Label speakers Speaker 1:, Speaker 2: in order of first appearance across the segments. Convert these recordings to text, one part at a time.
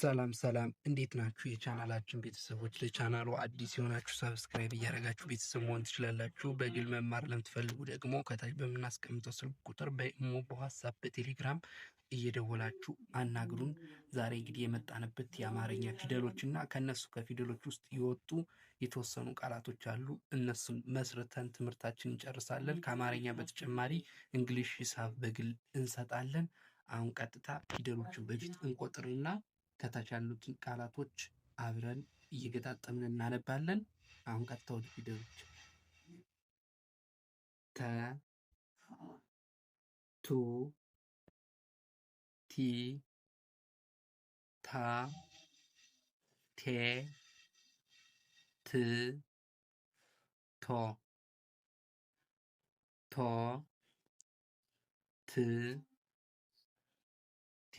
Speaker 1: ሰላም ሰላም፣ እንዴት ናችሁ? የቻናላችን ቤተሰቦች ለቻናሉ አዲስ የሆናችሁ ሰብስክራይብ እያደረጋችሁ ቤተሰብ መሆን ትችላላችሁ። በግል መማር ለምትፈልጉ ደግሞ ከታች በምናስቀምጠው ስልክ ቁጥር በኢሞ በዋትሳፕ በቴሌግራም እየደወላችሁ አናግሩን። ዛሬ እንግዲህ የመጣንበት የአማርኛ ፊደሎች እና ከእነሱ ከፊደሎች ውስጥ የወጡ የተወሰኑ ቃላቶች አሉ። እነሱን መስርተን ትምህርታችን እንጨርሳለን። ከአማርኛ በተጨማሪ እንግሊሽ፣ ሂሳብ በግል እንሰጣለን። አሁን ቀጥታ ፊደሎቹን በፊት እንቆጥርና ከታች ያሉትን ቃላቶች አብረን እየገጣጠምን እናነባለን። አሁን ቀጥታ ወደ ፊደሎች ተ፣ ቱ፣ ቲ፣ ታ፣ ቴ፣ ት፣ ቶ፣ ቶ፣ ት፣ ቴ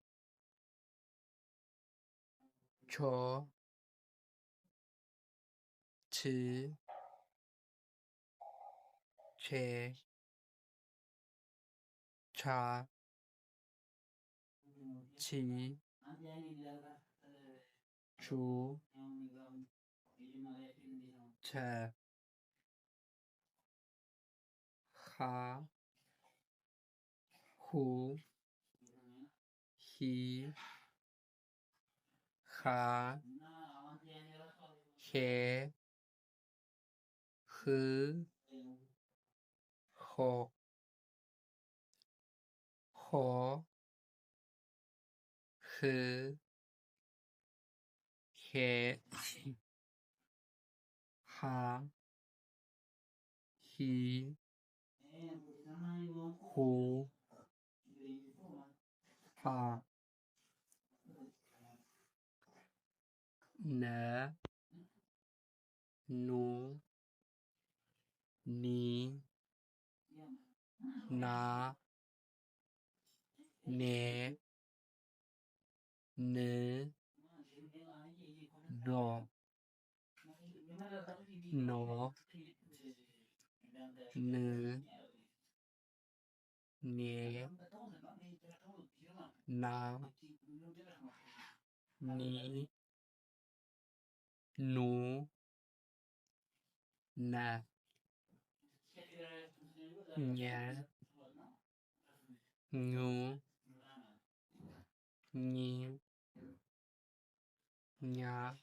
Speaker 1: 错，七，七，查，七，除，七，哈，虎，七。คาเคคือหกหคือเคฮาฮีหูหานะหนูนีนาเนเนดอโนเนเนนานี nú na nhà ngủ nhi nhà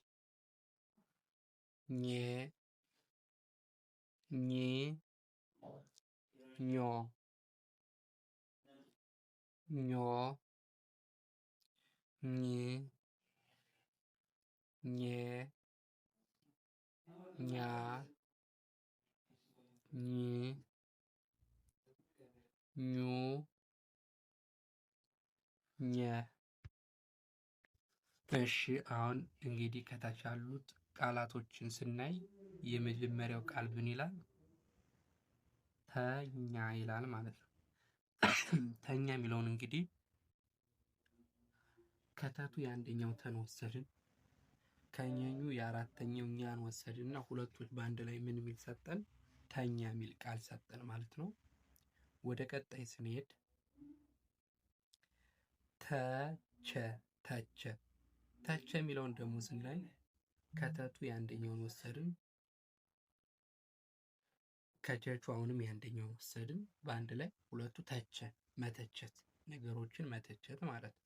Speaker 1: nhẹ nhí nhỏ nhỏ nhẹ nhẹ ኛ ኝ ኙ ኘ። እሺ አሁን እንግዲህ ከታች ያሉት ቃላቶችን ስናይ የመጀመሪያው ቃል ምን ይላል? ተኛ ይላል ማለት ነው። ተኛ የሚለውን እንግዲህ ከታቱ የአንደኛው ተን ወሰድን። የአራተኛው ኛን ወሰድ እና ሁለቶች በአንድ ላይ ምን የሚል ሰጠን? ተኛ የሚል ቃል ሰጠን ማለት ነው። ወደ ቀጣይ ስንሄድ ተቸ ተቸ ተቸ የሚለውን ደግሞ ስናይ ከተቱ የአንደኛውን ወሰድን፣ ከቸቹ አሁንም የአንደኛውን ወሰድን። በአንድ ላይ ሁለቱ ተቸ መተቸት ነገሮችን መተቸት ማለት ነው።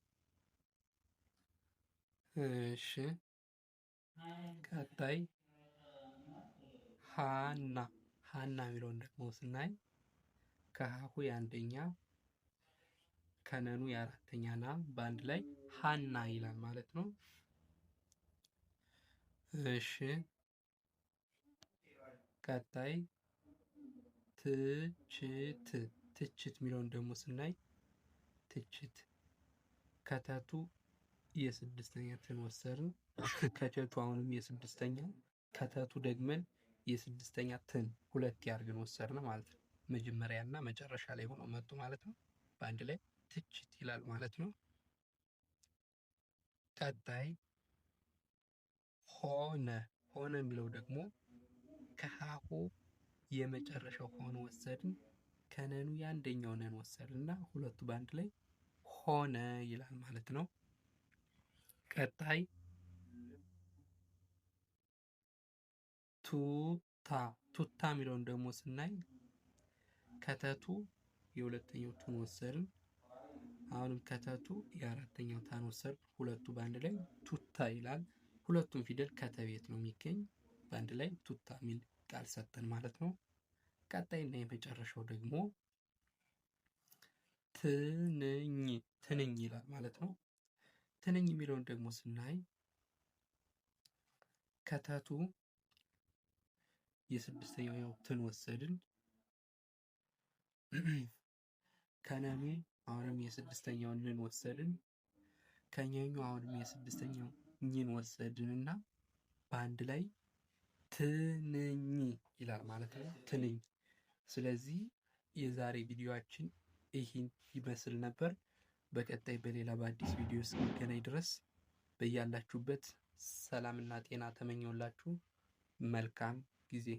Speaker 1: እሺ ቀጣይ ሃና ሀና የሚለውን ደግሞ ስናይ ከሀሁ የአንደኛ ከነኑ የአራተኛ ና በአንድ ላይ ሃና ይላል ማለት ነው። እሺ ቀጣይ ትችት ትችት የሚለውን ደግሞ ስናይ ትችት ከተቱ የስድስተኛ ትን ወሰድን ከቸቱ አሁንም የስድስተኛ ከተቱ ደግመን የስድስተኛ ትን ሁለት ያርግን ወሰርን ማለት ነው። መጀመሪያ እና መጨረሻ ላይ ሆኖ መጡ ማለት ነው። በአንድ ላይ ትችት ይላል ማለት ነው። ቀጣይ ሆነ ሆነ የሚለው ደግሞ ከሀሁ የመጨረሻው ሆኖ ወሰድን ከነኑ የአንደኛው ነን ወሰድን እና ሁለቱ በአንድ ላይ ሆነ ይላል ማለት ነው። ቀጣይ ቱታ ቱታ የሚለውን ደግሞ ስናይ ከተቱ የሁለተኛው ቱን ወሰድን። አሁንም ከተቱ የአራተኛው ታን ወሰድን። ሁለቱ በአንድ ላይ ቱታ ይላል። ሁለቱም ፊደል ከተቤት ነው የሚገኝ። በአንድ ላይ ቱታ የሚል ቃል ሰጠን ማለት ነው። ቀጣይ እና የመጨረሻው ደግሞ ትንኝ ትንኝ ይላል ማለት ነው። ትንኝ የሚለውን ደግሞ ስናይ ከተቱ የስድስተኛው ትን ወሰድን። ከነሜ አሁንም የስድስተኛው ንን ወሰድን። ከኘኙ አሁንም የስድስተኛው ኝን ወሰድን እና በአንድ ላይ ትንኝ ይላል ማለት ነው። ትንኝ። ስለዚህ የዛሬ ቪዲዮችን ይህን ይመስል ነበር። በቀጣይ በሌላ በአዲስ ቪዲዮ እስክንገናኝ ድረስ በያላችሁበት ሰላምና ጤና ተመኘውላችሁ። መልካም ጊዜ